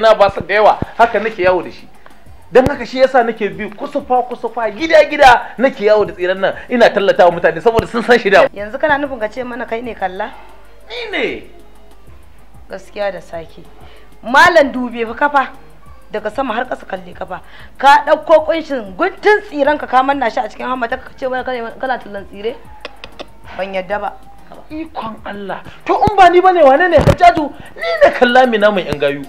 na ba su da yawa haka nake yawo da shi don haka shi yasa nake bi kusufa kusufa gida gida nake yawo da tsiran nan ina tallata wa mutane saboda sun san shi da yanzu kana nufin ka ce mana kai ne kalla ni ne gaskiya da sake malam dube fa kafa daga sama har ƙasa kalle kafa ka ɗauko kunshin guntun tsiran ka na shi a cikin hammata ka ce kana tallan tsire ban yadda ba ikon Allah to in ba ni bane wane ne hajjaju ni ne kalla mina mai yan gayu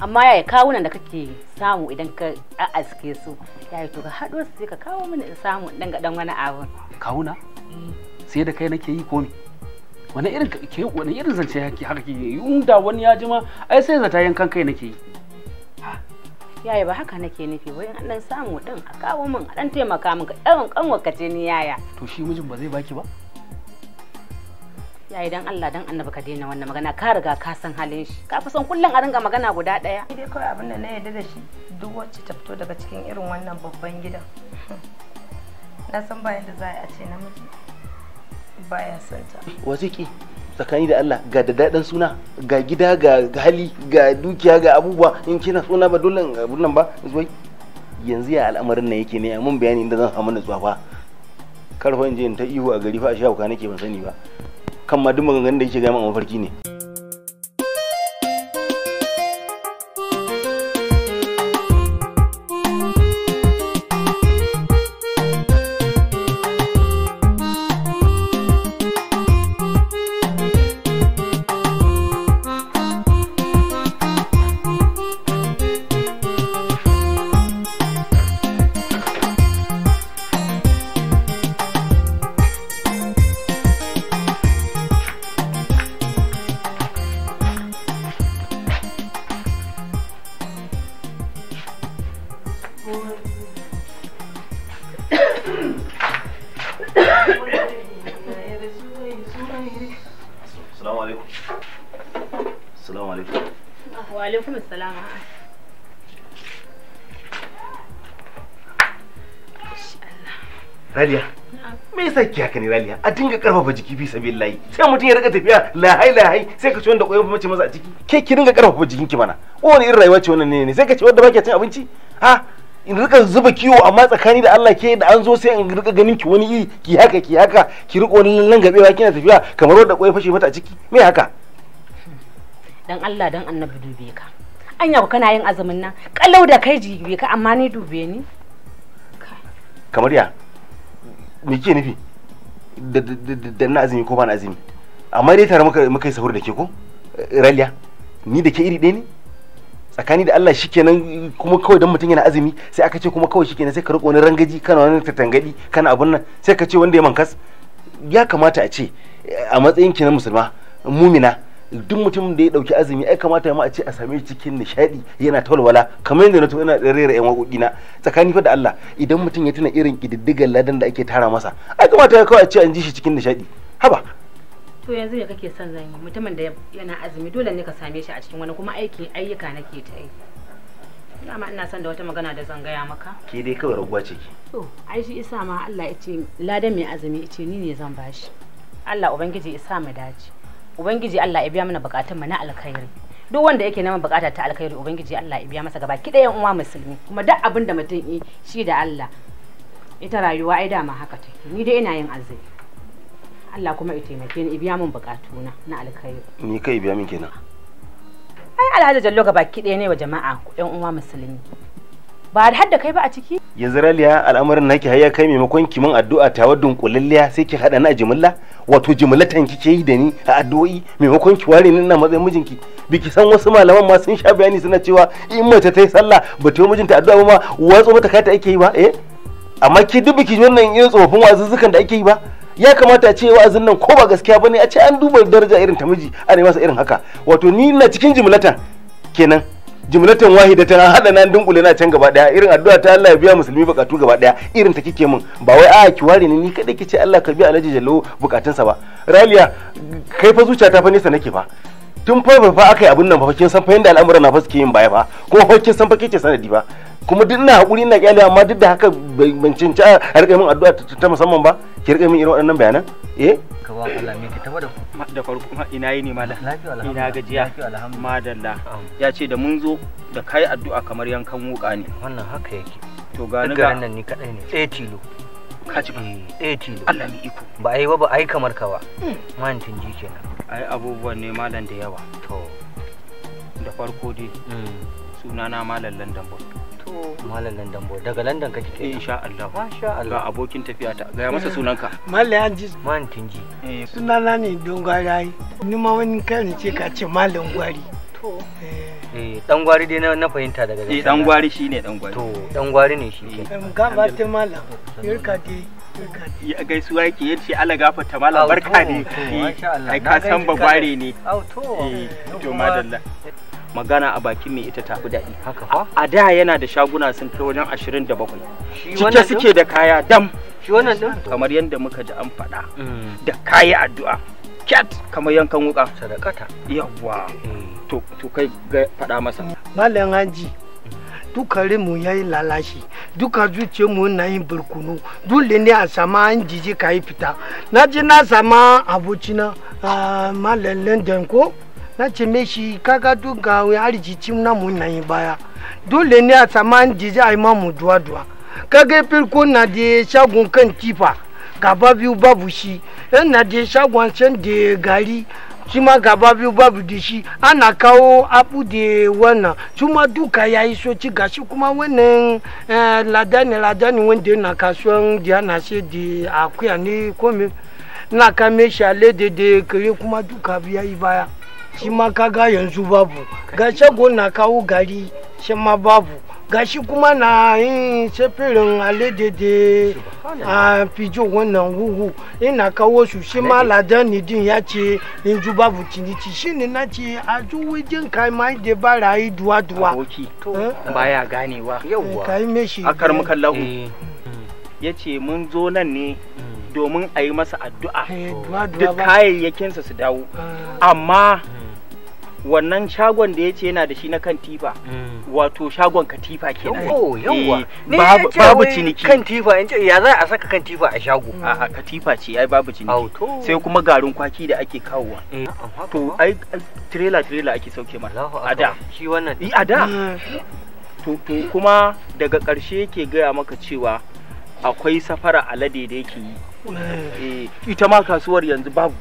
amma yaya kawunan da kake samu idan ka aske su yaya to ka haɗo su sai ka kawo mini in samu dan ga dan wani abu. kawuna sai da kai nake yi komi wani irin ke wani irin zance yake haka ke yi in da wani ya jima ai sai zata yankan kai nake yi yaya ba haka nake nufi wai an dan samu din a kawo min a dan taimaka min ka ɗan kanwa ni yaya to shi mijin ba zai baki ba yayi dan Allah dan annabi ka daina wannan magana ka riga ka san halin shi ka fi son kullum a ringa magana guda daya dai kawai abin da na yarda da shi duk wacce ta fito daga cikin irin wannan babban gidan na san ba yadda za a ce namiji baya son ta wasiki tsakani da Allah ga da daɗin suna ga gida ga hali ga dukiya ga abubuwa in kina suna ba dole ga nan ba zuwa yanzu ya al'amarin nan yake ne mun bayani inda zan samu nutsuwa fa karfa in je in ta ihu a gari fa a sha nake ban sani ba kan ma duk maganganun da yake gaya min a mafarki ne Wa alaikum assalam. Raliya. Me yasa ki haka ne Raliya? A dinga karfafa jiki fi sabilillahi. Sai mutum ya rika tafiya lahai lahai sai ka ci wanda koyon mace maza a ciki. Ke ki dinga karfafa jikin ki mana. Wani irin rayuwa ce wannan ne ne sai ka ci wanda baki cin abinci? Ha? In rika zuba kiwo amma tsakani da Allah ke da an zo sai in rika ganin ki wani iri ki haka ki haka ki rika wani langabewa kina tafiya kamar wanda koyon fashe mata a ciki. Me haka? dan Allah dan annabi dube ka anya ku kana yin azumin nan kalau da kai jibe ka amma ni dube ni kamar ya me ke nufi da na azumi ko ba na azumi amma dai tare muka muka yi sahur da ke ko raliya ni da ke iri ɗaya ne tsakani da Allah shikenan kuma kawai dan mutum yana azumi sai aka ce kuma kawai shikenan sai ka riko wani rangaji kana wani tatangadi kana abun nan sai ka ce wanda ya mankas ya kamata a ce a matsayin ki na musulma mumina duk mutum da ya dauki azumi ai kamata ma a ce a same shi cikin nishaɗi yana tawalwala kamar yadda na to yana rera yan waƙoƙi na tsakani fa da Allah idan mutum ya tuna irin kididdigan ladan da ake tara masa ai kamata ya kawai a ce an ji shi cikin nishadi haba to yanzu me kake son zan yi mutumin da yana azumi dole ne ka same shi a cikin wani kuma aiki ayyuka nake ta yi dama ina son da wata magana da zan gaya maka ke dai kawai raguwa ce ki to ai shi isa ma Allah ya ce ladan mai azumi ya ce ni ne zan bashi Allah ubangiji isa mu dace ubangiji Allah ya biya mana bukatun mu na alkhairi duk wanda yake neman bukata ta alkhairi ubangiji Allah ya biya masa gaba ki ɗayan uwa musulmi kuma duk abin da mutum yi shi da Allah ita rayuwa ai dama haka ta ni dai ina yin azumi Allah kuma ya taimake ni biya min bukatuna na alkhairi ni kai biya min kenan ai alhaji jallo gaba ki ne wa jama'a ɗan uwa musulmi ba da hadda kai ba a ciki yanzu raliya al'amarin naki hayya kai maimakon ki mun addu'a ta wa sai ki hada na jimilla wato jimlatan kike yi da ni a addu'o'i maimakon ki ware ni na matsayin mijinki biki san wasu malaman ma sun sha bayani suna cewa in mace ta yi sallah ba ta yi mijinta addu'a ba ma watsa mata kata ake yi ba eh amma ki duk biki wannan irin tsofaffin wazuzzukan da ake yi ba ya kamata a ce wa'azin nan ko ba gaskiya ba ne a ce an duba daraja irin ta miji a ne masa irin haka wato ni na cikin jimlatan kenan jumlatan wahida ta hada nan dunkule na can gaba daya irin addu'a ta Allah ya biya musulmi bukatu gaba daya irin ta kike min ba wai a ki ware ni ni kada kice Allah ka biya alaji Jallo sa ba Raliya kai fa zuciya ta fa nisa nake fa tun fa fa aka yi abin nan fa kin san fa yanda al'amura na fa suke yin baya ba ko fa kin san fa kike sanadi ba kuma duk ina hakuri ina kyale amma duk da haka ban cinci a rika min addu'a ta musamman ba ki rika min irin waɗannan bayanan eh ka ba Allah me ka taba da da farko ina ina gajiya madalla ya ce da mun zo da kai addu'a kamar yankan wuka ne wannan haka yake to ga ni ga nan ni kadai ne eh, tilo ka ci ba tsaye eh, eh, tilo Allah iko ba ai ba ba ai kamar ka ba man mm. tunji kenan ai abubuwan ne malam da yawa to da farko dai mm. sunana malam London Boy to malam London boy daga London kake kai eh, insha Allah masha Allah ga abokin tafiya ta ga masa sunanka malam Anji man Tinji eh sunana ne Dongwarai ni ma wani kan ce ka ce malam Gwari to eh dan eh, gwari dai na fahimta daga eh dan gwari shine dan gwari to dan gwari ne shi ke ga ba ta malam yarka dai ya gaisuwa yake ya ce ala gafata malam barka ne eh, ai ka san gwari ne to madalla magana a bakin mai ita tafi daɗi haka fa a da yana da shaguna sun kai wajen 27 cike suke da kaya dam shi wannan din kamar yadda muka ji an faɗa mm. da kaya addu'a cat kamar yankan wuka sadakata yawwa mm. to to kai ga faɗa masa malam haji duka mu ya yi lalashi duka mu na yin barkunu dole ne a sama an jiji ka yi fita na ji na sama abocina ah, malallen ko na ce me shi kaga duk ga arziki na mun na yi baya dole ne a saman jiji a yi mamu duwa-duwa kaga firko na da shagon kan tifa gaba biyu babu shi yan na da shagon can da gari shi ma gaba biyu babu da shi ana kawo abu da wannan su ma duka ya yi soci ga shi kuma wannan eh, ladani ladani wanda na kasuwan da yana sai da akuya ne komi na kame shi a da kare kuma duka biya yi baya shi ma kaga yanzu babu ga shago na kawo gari shi ma babu gashi kuma na yin sefirin aledede a fijo wannan huhu ina kawo su shi ma ladan nidin ya ce in ju babu ciniki shi ne na ce a ju jin kai ma da bara yi duwa duwa aboki eh? baya ganewa yauwa eh, akar eh. kallahu ya ce mun zo nan ne hmm. domin a yi masa addu'a duk kayayyakinsa su dawo ah. amma wannan shagon da ya ce yana da shi na kan tifa hmm. wato shagon katifa kenan yawa eh, babu ciniki kan tifa ya za a saka kan tifa a shago a katifa ce ai babu ciniki sai kuma garin kwaki da ake kawowa eh, to ai trailer trailer ake sauke ma a da shi wannan a da hmm. to kuma daga ƙarshe yake gaya maka cewa akwai safara alade da yake yi hmm. eh, ita ma kasuwar yanzu babu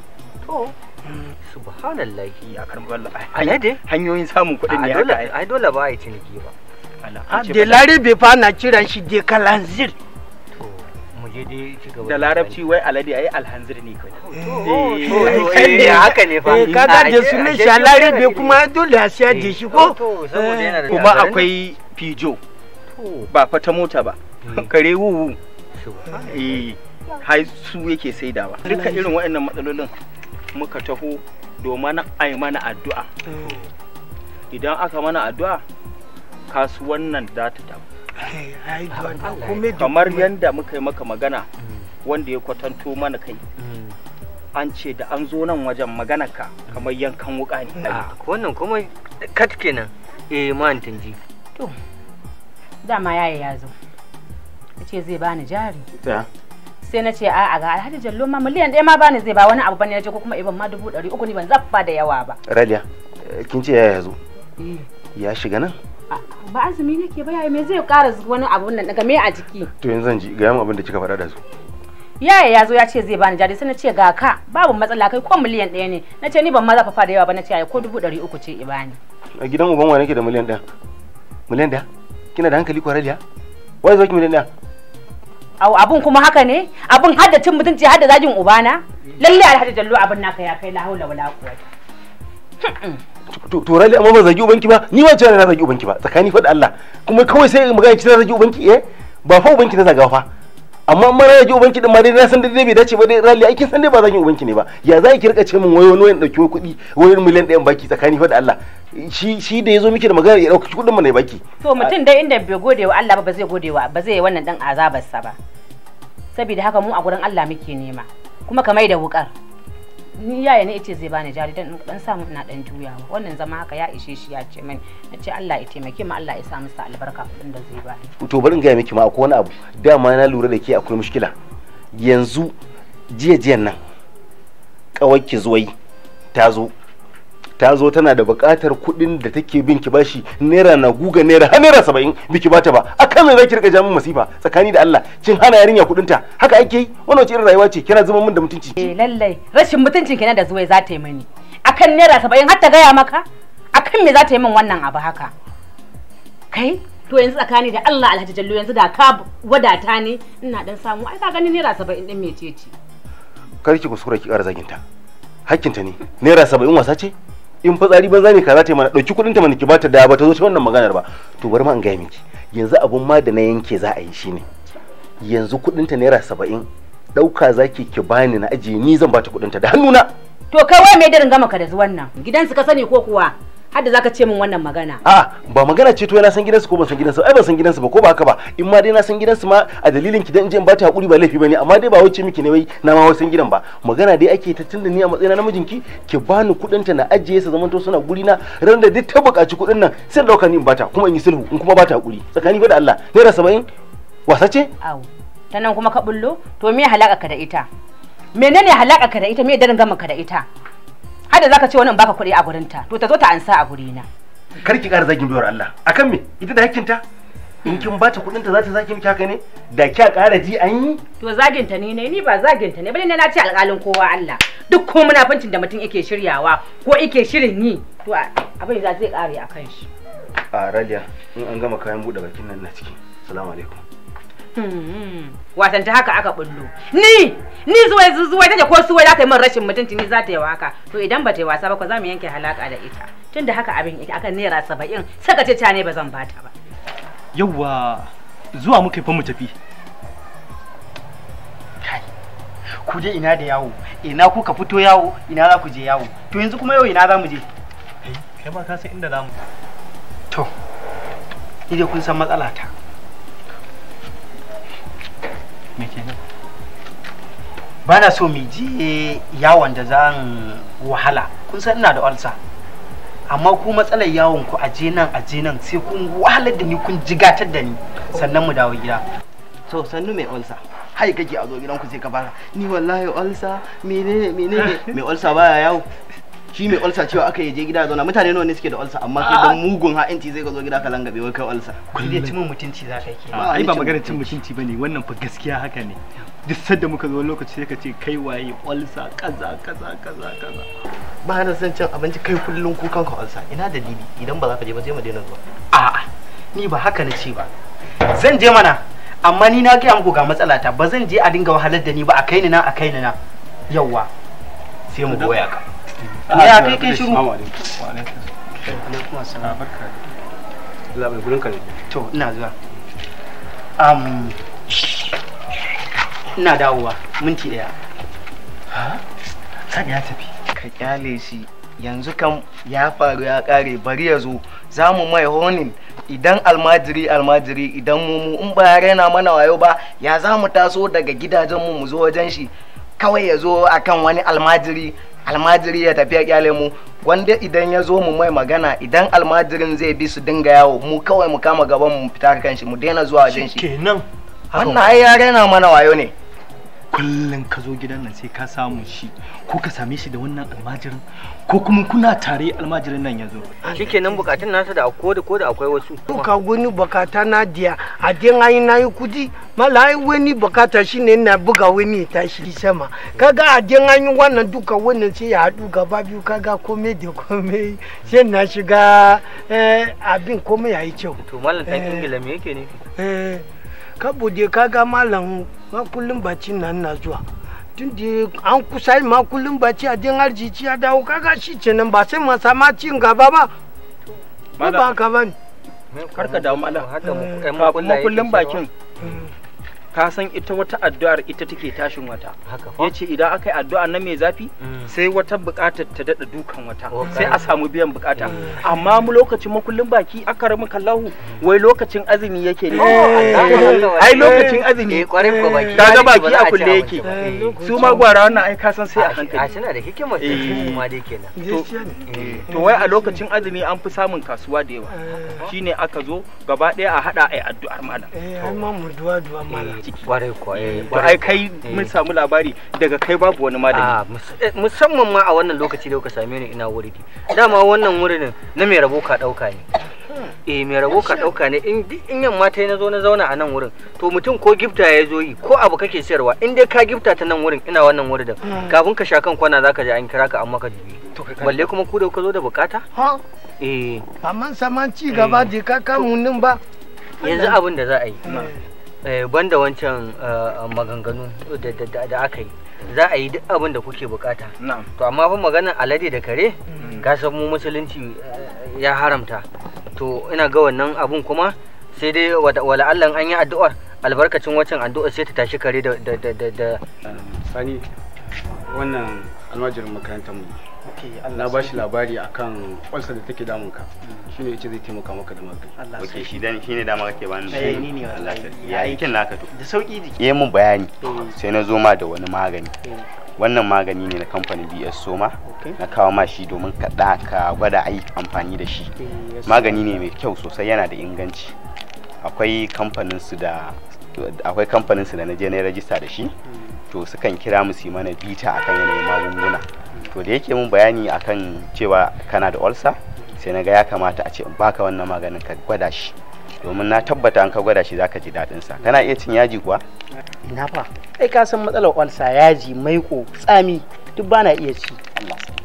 subhanallahi ya karɓi wallah hanyoyin samun kuɗin ne haka dole ba a yi ciniki ba da larabe fa na kiran shi de kalanzir da larabci wai alade ai alhanzir ne kawai haka ne fa eh, eh, da sunan shi larabe kuma dole a siya da shi eh, ko kuma akwai fijo ba fata mota ba kare wuwu hai su yake saidawa duka irin waɗannan matsalolin muka taho domin a yi mana addu'a idan aka mana addu'a kasuwan nan za ta tafi kamar yadda muka yi maka magana wanda ya kwatanto mana kai an ce da an zo nan wajen ka kamar yankan wuka ne wannan kuma kat kenan eh man tanji to dama ya zo ce zai bani jari sai na ce a'a ga alhaji jallo ma miliyan ɗaya ma bani zai ba wani abu bane je ko kuma iban ma dubu ɗari uku ne ban zaffa da yawa ba raliya kin ce yaya zo eh. ya shiga nan ba azumi nake ba yaya me zai ƙara wani abu nan daga me a jiki to yanzu zan ji ga mu abin da kika faɗa da su yaya ya zo ya ce zai bani jari sai na ce ga ka babu matsala kai ko miliyan ɗaya ne na ce ni ban ma zaffa da yawa ba na ce ko dubu ɗari uku ce ibani a gidan uban wa nake da miliyan ɗaya miliyan ɗaya kina da hankali ko raliya wai zo ki miliyan ɗaya Au abun kuma haka ne? Abun haddacin mutunci hadda zagin ubana? Lalle Alhaji Jallo abin naka ya kai la haula wala quwwata. Hmm. To rali amma ban zagi ubanki ba, ni wace na zagi ubanki ba, tsakani fa da Allah. Kuma kawai sai magana ki zagi ubanki eh? Ba fa ubanki na zagawa fa. amma mara ya ji ubanki din mare na san dai bai dace ba dai rali ai kin san dai ba zan yi ubanki ne ba ya za ki rika ce min wayo wani wani dauki kuɗi wani miliyan ɗayan baki tsakani fa da Allah shi shi da yazo miki da magana ya dauki kuɗin mu ne baki to mutum dai inda bai gode wa Allah ba ba zai gode wa ba zai yi wannan dan azabar sa ba saboda haka mu a gurin Allah muke nema kuma ka mai da wukar ni yaya ne yace zai bani jari dan dan samu ina dan juyawa wannan zama haka ya ishe shi ya ce mani nace Allah ya taimake mu Allah ya sa masa albarka kudin da zai bani to bari in ga miki ma akwai wani abu dama na lura da ke akwai mushkila yanzu jiya jiyan nan kawai ki zuwai ta zo ta zo tana da buƙatar kuɗin da take bin ki bashi naira na guga naira har naira saba'in biki bata ba akan me zaki rika jamin masifa tsakani da Allah kin hana yarinya kuɗin ta haka ake yi wannan wace irin rayuwa ce kina zuma min da mutunci eh lallai rashin mutuncin kina da zuwai za ta yi mani akan naira saba'in har ta gaya maka akan me za ta yi min wannan abu haka kai to yanzu tsakani da Allah Alhaji Jallo yanzu da ka wadata ne ina dan samu ai ka gani naira 70 din mecece kar ki kuskura ki ƙara zaginta hakkinta ne naira 70 wasa ce in fitsari banza ne kaza ta mana dauki kudin ta mana ki bata da ba ta zo ta wannan maganar ba to bari ma in gaya miki yanzu abun ma da na yanke za a yi shine yanzu kudin ta naira saba'in dauka zaki ki bani na ajiye ni zan bata kudin ta da hannuna to kai wai me da gama ka da zuwan nan gidan su ka sani ko kuwa har da zaka ce min wannan magana a ba magana ce to na san gidansu ko ban san gidansu ai ban san gidansu ba ko ba haka ba in ma dai na san gidansu ma a dalilin ki dan in je in bata hakuri ba laifi bane amma dai ba wuce miki ne wai na ma san gidan ba magana dai ake ta tunda ni a matsayina na mijinki ki bani kudin ta na ajiye su to suna guri na ran da duk ta bukaci kudin nan sai dauka ni in bata kuma in yi sulhu in kuma bata hakuri tsakani ba da Allah naira 70 wasa ce awo ta kuma ka bullo to me halaka ka da ita menene halaka ka da ita me darin gama ka da ita kada zaka ce wannan baka kuɗi a gurin ta to ta zo ta ansa a guri na kar ki ƙara zagin biyar Allah akan me ita da hakkin ta in kin ba ta kuɗin ta za ta zagi miki haka ne da kya ƙara ji an yi to zagin ta ne ne ni ba zagin ta ne bane na ce alƙalin kowa Allah duk ko fincin da mutum yake shiryawa ko yake shirin yi to abin za zai ƙare akan shi a radiya in an gama kayan buɗe bakin nan na ciki assalamu alaikum watan ta haka aka bullo ni ni zuwa zuwa ta ko suwa za ta yi min rashin mutunci ni za ta yi waka to idan ba ta yi wasa ba ko za mu yanke halaka da ita tunda haka abin yake akan naira saba'in saka ce ne ba zan bata ba yawwa zuwa muka fa mu tafi ku je ina da yawo ina kuka fito yawo ina za ku je yawo to yanzu kuma yau ina za mu je kai ma ka san inda za mu to ni dai kun san matsala ta Bana so mu je yawon da zan wahala kun san ina da olsa amma ku matsalar yawon ku aje nan aje nan sai kun wahalar da ni kun jigatar da ni sannan mu dawo gida to sannu mai olsa hai kake a zo gidanku sai ka fara ni wallahi olsa menene menene mai ulcer baya yawo shi mai olsa cewa aka yi je gida zauna mutane nawa ne suke da olsa amma kai dan mugun ha'inci zai ka zo gida ka langabe wai kai olsa kullum cin mutunci za ka yi ai ba magana cin mutunci bane wannan fa gaskiya haka ne duk sadda muka zo lokaci sai ka ce kai waye olsa kaza kaza kaza kaza ba na san cin abinci kai kullum kukan ka olsa ina dalili idan ba za ka je ba sai mu daina zuwa a'a ni ba haka na ce ba zan je mana amma ni na gaya muku ga ta ba zan je a dinga wahalar da ni ba a kai ni na a kai ni na yawwa sai mu goya ka ya kai kai shiru wa alaikum assalam barka Allah bai gurin to ina zuwa um ina dawowa minti daya san ya tafi ka kyale shi yanzu kam ya faru ya kare bari ya zo za mu mai honin idan almajiri almajiri idan mumu in ba ya raina mana wayo ba ya za mu taso daga gidajen mu mu zo wajen shi kawai ya zo akan wani almajiri almajiri ya tafiya ya kyale mu wanda idan ya zo mu mai magana idan almajirin zai bi su dinga yawo mu kawai mu kama gaban mu fita kan shi mu daina zuwa wajen shi kenan wannan ai na mana wayo ne kullum ka zo gidan nan sai ka samu shi ko ka same shi da wannan almajirin ko kuma kuna tare almajirin nan ya zo shikenan bukatun nasa da ko da ko da akwai wasu ka gani bukata na diya a din ayi nayi kudi mala ai wani bukata shine ina buga wani ya tashi sama kaga a din ayi wannan duka wannan sai ya hadu gaba biyu kaga komai da komai sai na shiga eh, abin komai yayi kyau to mallam dan eh, ingila me yake ne eh ka bude kaga malam ma kullum bacin nan na zuwa tun da an kusa ma kullum baci a jin arziki ya dawo kaga shi ce nan ba sai masa ma cin gaba ba ba ka ba ne karka damu malam haka mu kullum bakin mm. ka san ita wata addu'ar ita take tashin wata ya ce idan aka yi addu'a na mai zafi mm. sai wata bukatar ta daɗa dukan wata oh, sai a samu biyan bukata eh. amma mu lokacin makullin baki aka ramu kallahu mm. wai lokacin azumi yake ne oh, eh. ai lokacin azumi eh, ko baki a kulle yake su ma gwara wannan ai ka san sai a hankali a suna da hikimar ta ma dai kenan to wai a lokacin azumi an fi samun kasuwa da yawa shine aka zo gaba ɗaya a hada ai addu'ar malam amma mu duwa duwa malam ciki kwarai kwarai eh, ai kai mun eh. samu labari daga kai babu wani malami ah, eh, musamman ma a wannan lokaci da ka same ni ina wuri dama wannan wurin na mai rabo ka dauka ne eh mai rabo ka dauka ne in in yamma ta na zo na zauna a nan wurin to mutum ko gifta ya zo yi ko abu kake sayarwa in dai ka gifta ta nan wurin ina wannan wurin hmm. kafin ka sha kan kwana zaka je an kira ka amma ka dubi balle kuma ku da ka zo da bukata eh amma saman ci gaba hmm. je ka kamunin ba yanzu abin da za a yi hmm. Eh, banda wancan eh, maganganu da aka yi za a yi duk abin da kuke bukata to amma fa maganar alade da kare gasar mm. mu musulunci eh, ya haramta to ina ga wannan abun kuma sai dai wala Allah an yi addu'ar albarkacin wancan addu'ar sai ta tashi kare da sani wannan almajirin makarantar mu na ba shi labari akan kwalsa da take damun ka shi ne zai taimaka maka da magani ok shi dan shi ne dama kake bani eh, ni ne ya yi kin naka to da sauki jiki yayin mun bayani eh. sai na zo ma da wani magani eh. wannan magani ne na kamfanin BS Soma na kawo ma shi domin ka ka gwada aiki amfani da shi magani ne mai kyau sosai yana da inganci akwai kamfanin su da akwai kamfanin su da na je na yi rajista da shi hmm. to sukan kira mu su mana bita akan yanayin magunguna to da yake mun bayani akan cewa kana da olsa sai na ga ya kamata a ce in baka wannan maganin ka gwada shi domin na tabbata an ka gwada shi zaka ji daɗin sa kana iya cin yaji kuwa ina fa kai ka san matsalar olsa yaji maiko tsami duk bana iya ci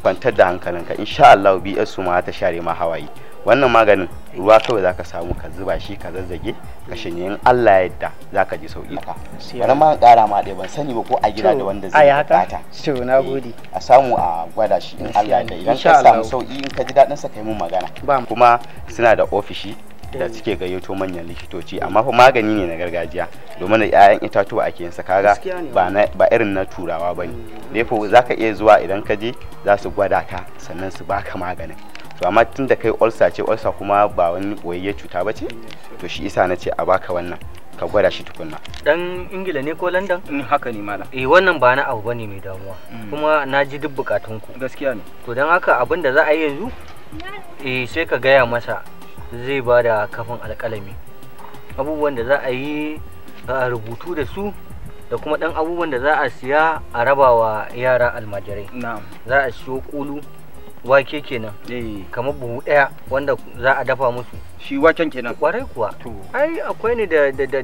kwantar da hankalinka insha Allah bi su ma ta share ma hawaye wannan maganin ruwa kawai zaka samu ka zuba shi ka zazzage ka shanye in Allah ya yadda zaka ji sauki bari ma kara ma dai ban sani ba ko a gida da wanda zai bukata to eh, a samu a gwada shi in Allah ya idan ka samu sauki in ka ji dadin sa kai mun magana kuma suna da ofishi da eh. suke gayyato manyan likitoci amma fa magani ne na gargajiya domin da 'ya'yan itatuwa ake yin kaga ba irin na turawa bane ne mm. fa zaka iya zuwa idan ka je za su gwada ka sannan su baka maganin to amma tun da kai ulcer ce ulcer kuma ba wani boyayye cuta ba ce to shi isa na ce a baka wannan ka gwada shi tukunna dan ingila ne ko london in mm, haka ne mala eh wannan ba na abu bane mai damuwa mm. kuma na ji duk bukatun ku gaskiya ne to dan haka abin da za a yi yanzu eh sai ka gaya masa zai ba da kafin alƙalami abubuwan da za a yi a rubutu da su da kuma dan abubuwan da za a siya a rabawa yara almajirai za a siyo kulu wake kenan eh. kamar buhu daya wanda za a dafa musu shi waken kenan kwarai kuwa ai akwai ne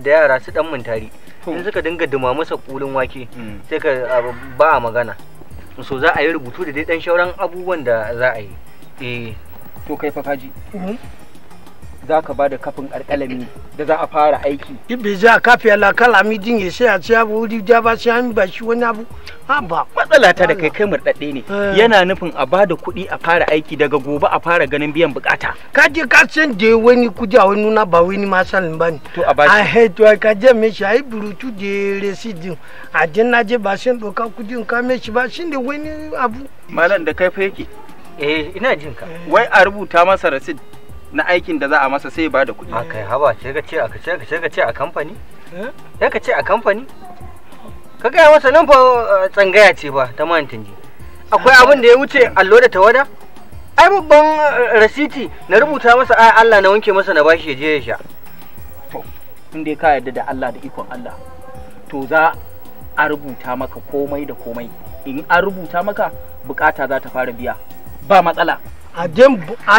da yara su dan mintari in suka dinga masa kulin wake mm. sai ka ba a magana so za a yi rubutu da dai dan shauran abubuwan da za a yi eh to kai fa kaji mhm. za ka ba da kafin alƙalami da za a fara aiki. Ibi za a kafi alakala mi din ya sai a ci abu wuri da ba sai an ba shi wani abu. Ha ba. Matsala ta da kai kai murɗaɗɗe ne. Eh. Yana nufin a ba da kuɗi a fara aiki daga gobe a fara ganin biyan bukata. Ka je ka san da wani kuɗi a wani nuna ba wani masalin ba ne. To a ba shi. A he to ka je me shi a yi burutu da resi din. A je na je ba sai ɗauka kuɗi ka me shi ba shi da wani abu. Malam da kai fa yake. Eh ina jin ka. Wai a rubuta masa rasid na aikin da za a masa sai ba da kuɗi. yi haba ce ka ce aka ce ka ce ka ce a kamfani? Ya eh? ka ce a kamfani? Ka gaya masa nan fa eh, tsangaya ce ba ta mantanji. Akwai abin da ya wuce allo da tawada? Ai babban eh, rasiti na rubuta masa ai Allah na wanke masa na bashi je ya sha. To, in dai ka yarda da Allah da ikon Allah. To za a rubuta maka komai da komai. In an rubuta maka bukata za ta fara biya. Ba matsala. a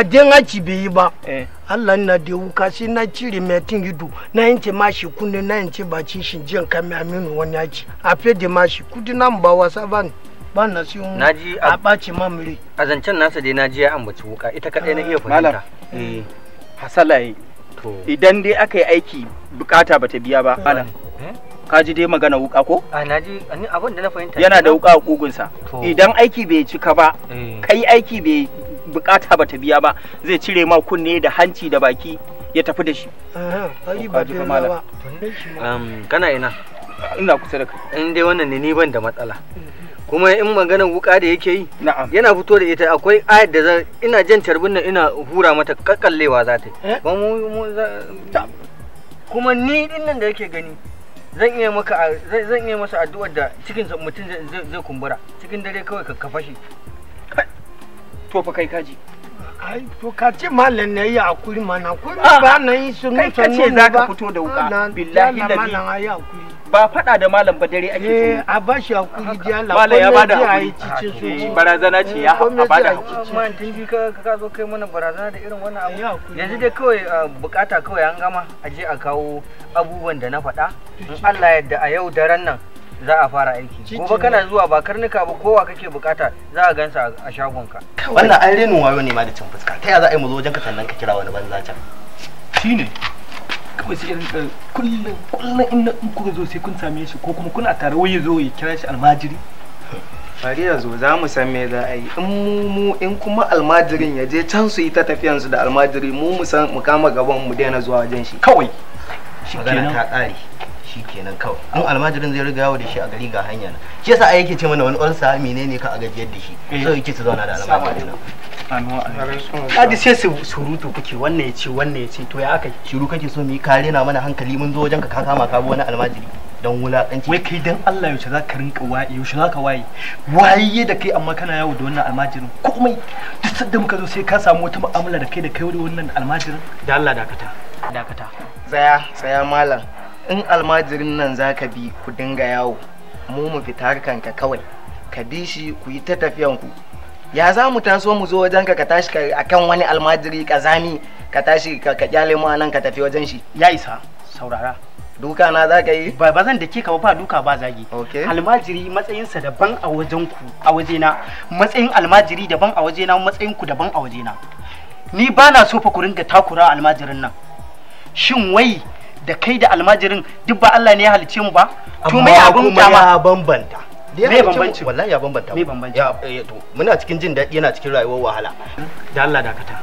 den aci bai yi ba eh. allah na da wuka sai na cire metin ido na ma shi kunne na yanke bacin shi jiyan kame aminu wani aci a fede shi kudi nan ba wasa ba ne ba na siyo naji a ɓaci mamiri a zancen nasa dai naji ya ambaci wuka ita kadai na iya ah, fahimta eh, hasala yi idan dai aka yi aiki bukata bata biya ba eh. malam ka ji dai magana wuka ko? A naji abin da na fahimta. Yana da wuka a kugunsa. Idan aiki bai cika ba, kai aiki bai bukata bata biya ba zai cire ma kunne da hanci da baki ya tafi da shi kana ina ina kusa da kai in dai wannan ne ni ban da matsala kuma in maganar wuka da yake yi yana fito da ita akwai ayat da za ina jan tarbin nan ina hura mata kakkallewa za ta yi eh? kuma ni din nan da yake gani zan iya maka zan iya masa addu'ar da cikin mutum zai kumbura cikin dare kawai ka kafa shi to fa kai kaji ai to ka ce mallan ne ya akuri mana kuri ah, ba nan yi sunu ba kai ce zaka fito da wuka billahi da ba fada da malam ba dare ake eh a ba shi akuri ji Allah malam ya bada hakuri barazana ce ya a bada hakuri man tun bi ka ka zo kai mana barazana da irin wannan abu yanzu dai kawai bukata kawai an gama aje a kawo abubuwan da na fada in Allah yadda a yau daren nan za a fara aiki gobe kana zuwa ba karnuka ba kowa kake bukata za a gansa a shagonka wannan an renu wayo ne ma da cin fuska ta ya za a yi mu zo wajen sannan ka kira wani banza can shine kawai sai irin eh, kullum kullum in in kuka zo sai kun same shi ko kuma kuna tare waye zo ya kira shi almajiri bari yanzu zo za mu san me za a yi in mu mu in kuma almajirin ya je can su yi ta tafiyan su da almajiri mu mu san mu kama gaban mu daina zuwa wajen shi kawai shi kenan ta tsari shi kenan kawai in almajirin zai riga yawo da shi a gari ga hanya na shi yasa ai yake ce mana wani ulsa ne ka a gajiyar da shi eh. so yake su zauna da almajirin kadi sai su surutu kuke wannan ya ce wannan ya ce to ya aka yi. Shiru kake so mu yi kare na mana hankali mun zo wajen ka kama ka wani almajiri. don wulakanci. wai kai dan Allah yaushe za ka rinka waye yaushe za ka waye waye da kai amma kana yawo da wannan almajirin komai duk sadda muka zo sai ka samu wata mu'amala da kai da kai da wannan almajirin da Allah dakata dakata tsaya tsaya malam in almajirin nan za ka bi ku dinga yawo mu mu fita harkanka kawai ka bi shi ku yi ta tafiyanku ya za mu taso mu zo wajen ka tashi ka kan wani almajiri kazami ka tashi ka kyale mu nan ka tafi wajen shi ya isa saurara duka na za ka yi ba ba zan dake ka ba duka ba zagi almajiri matsayin sa daban a wajen ku a wajena matsayin almajiri daban a wajena matsayin ku daban a wajena ni ba na so fa ku ringa takura almajirin nan shin wai da kai da almajirin duk ba Allah ne ya halice mu ba to me abun kyama ya bambanta me bambanci wallahi ya bambanta me bambanci ya eh, to muna cikin jin daɗi yana cikin rayuwar wahala da Allah dakata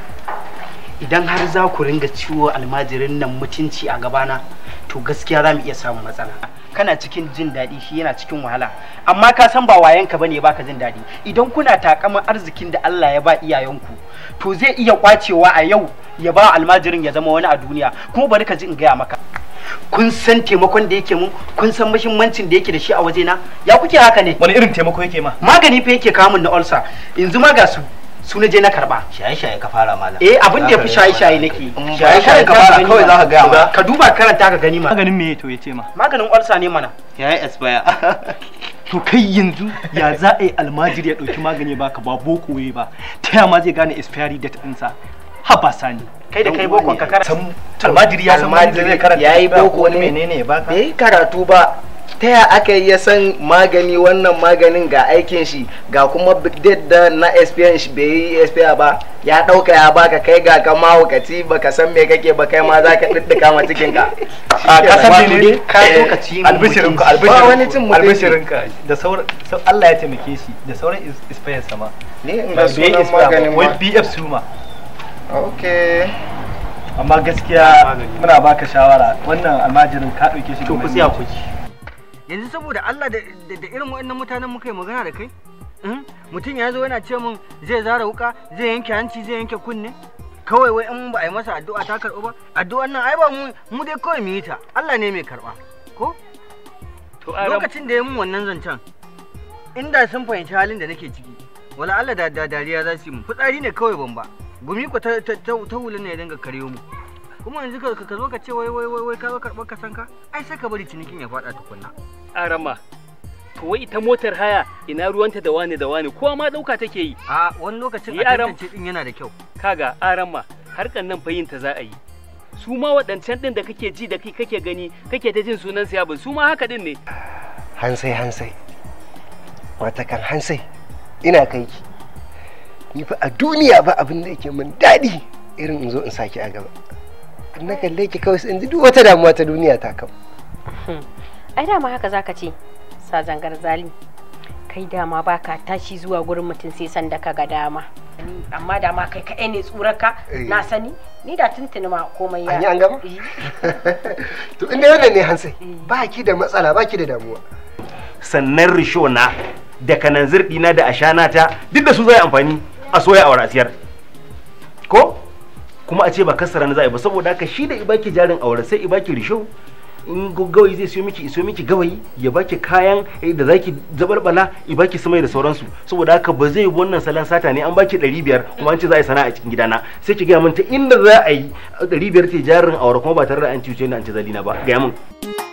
idan har za ku ringa ciwo almajirin nan mutunci a gabana to gaskiya za mu iya samun matsala kana cikin jin daɗi shi yana cikin wahala amma ka san ba wayanka bane baka jin daɗi idan kuna takaman arzikin da Allah ya ba iyayenku to zai iya kwacewa a yau ya ba almajirin ya zama wani a duniya kuma bari ka ji in gaya maka kun san taimakon da yake mun kun san muhimmancin da yake da shi a wajena ya kuke haka ne wani irin taimako yake ma magani fa yake kamun na ulcer yanzu ma ga su su na je na karba shaye shaye ka fara malam eh abin da yafi shaye shaye nake shaye shaye ka fara kawai ka ga ma ka duba karanta ka gani ma maganin me to yace ma maganin ulcer ne mana yayi expire to kai yanzu ya za a yi almajiri ya dauki magani baka ba boko ba ta ma zai gane expiry date ha haba sani kai da kai bokon ka karanta almajiri ya san almajiri ya karanta yayi boko wani menene ba ka eh karatu ba ta ya aka yi san magani wannan maganin ga aikin shi ga kuma da na espiyan shi bai yi espiya ba ya dauka ya baka kai ga ka mahaukaci baka san me kake ba kai ma za ka diddika ma cikin ka a kasan ne ka lokaci eh, albishirin ka albishirin wani cin albishirin ka da sauran Allah ya taimake shi da sauran espiyan sama ne da ga sunan maganin ma BF Suma okay amma gaskiya muna baka shawara wannan almajirin ka ɗauke shi to ku tsaya ku yanzu saboda Allah da irin waɗannan mutanen muka yi magana da kai eh, mutum ya zo yana ce min zai zara wuka zai yanke hanci zai yanke kunne kawai wai in ba a yi masa addu'a ta karɓo ba addu'an nan ai ba mu mu dai kawai mu yi ta Allah ne mai karɓa ko lokacin da ya mun wannan zancen inda sun fahimci halin da nake ciki wala Allah da dariya za su yi mu fitsari ne kawai ban ba gumi ko ta ta ta, ne ya dinga karyo mu kuma yanzu ka ka zo ka ce wai wai wai ka zo karɓar kasanka ai sai ka bari cinikin ya faɗa tukunna arama to wai ita motar haya ina ruwanta da wani da wani kowa ma dauka take yi a wani lokacin a tantance din yana da kyau kaga arama harkan nan fa yin ta za a yi su ma waɗancan din da kake ji da kai kake gani kake ta jin sunan siyabin su ma haka din ne hansai hansai watakan hansai ina kai ki ni fa a duniya ba abin da yake min daɗi irin in zo in saki a gaba na kalle ki kawai sai duk wata damuwa ta duniya ta kawo. Hmm. ai dama haka zaka ce sa zangar zali kai dama baka tashi zuwa gurin mutum sai sanda ka ga dama amma dama kai kaɗai ne tsuraka eh. na sani ni da tuntuni ma komai ya an gama eh. to inda yana ne hansai eh. baki da matsala baki da damuwa sannan risho na da kananzir dina da ta duk da su zai amfani a soya a warasiyar ko kuma a ce ba kasara na za'a ba saboda haka shi da ke jarin aure sai ke risho in gawayi zai siyo miki iso miki gawayi ya baki kayan eh, da zaki zabarbala ya baki samai da sauransu saboda haka ba zai wannan salon sata ne an baki 500 kuma an ce za a yi sana'a cikin gidana sai ki gaya min ta inda za a yi 500 ta jarin aure kuma ba tare da an cuce ni an ce zalina ba gaya min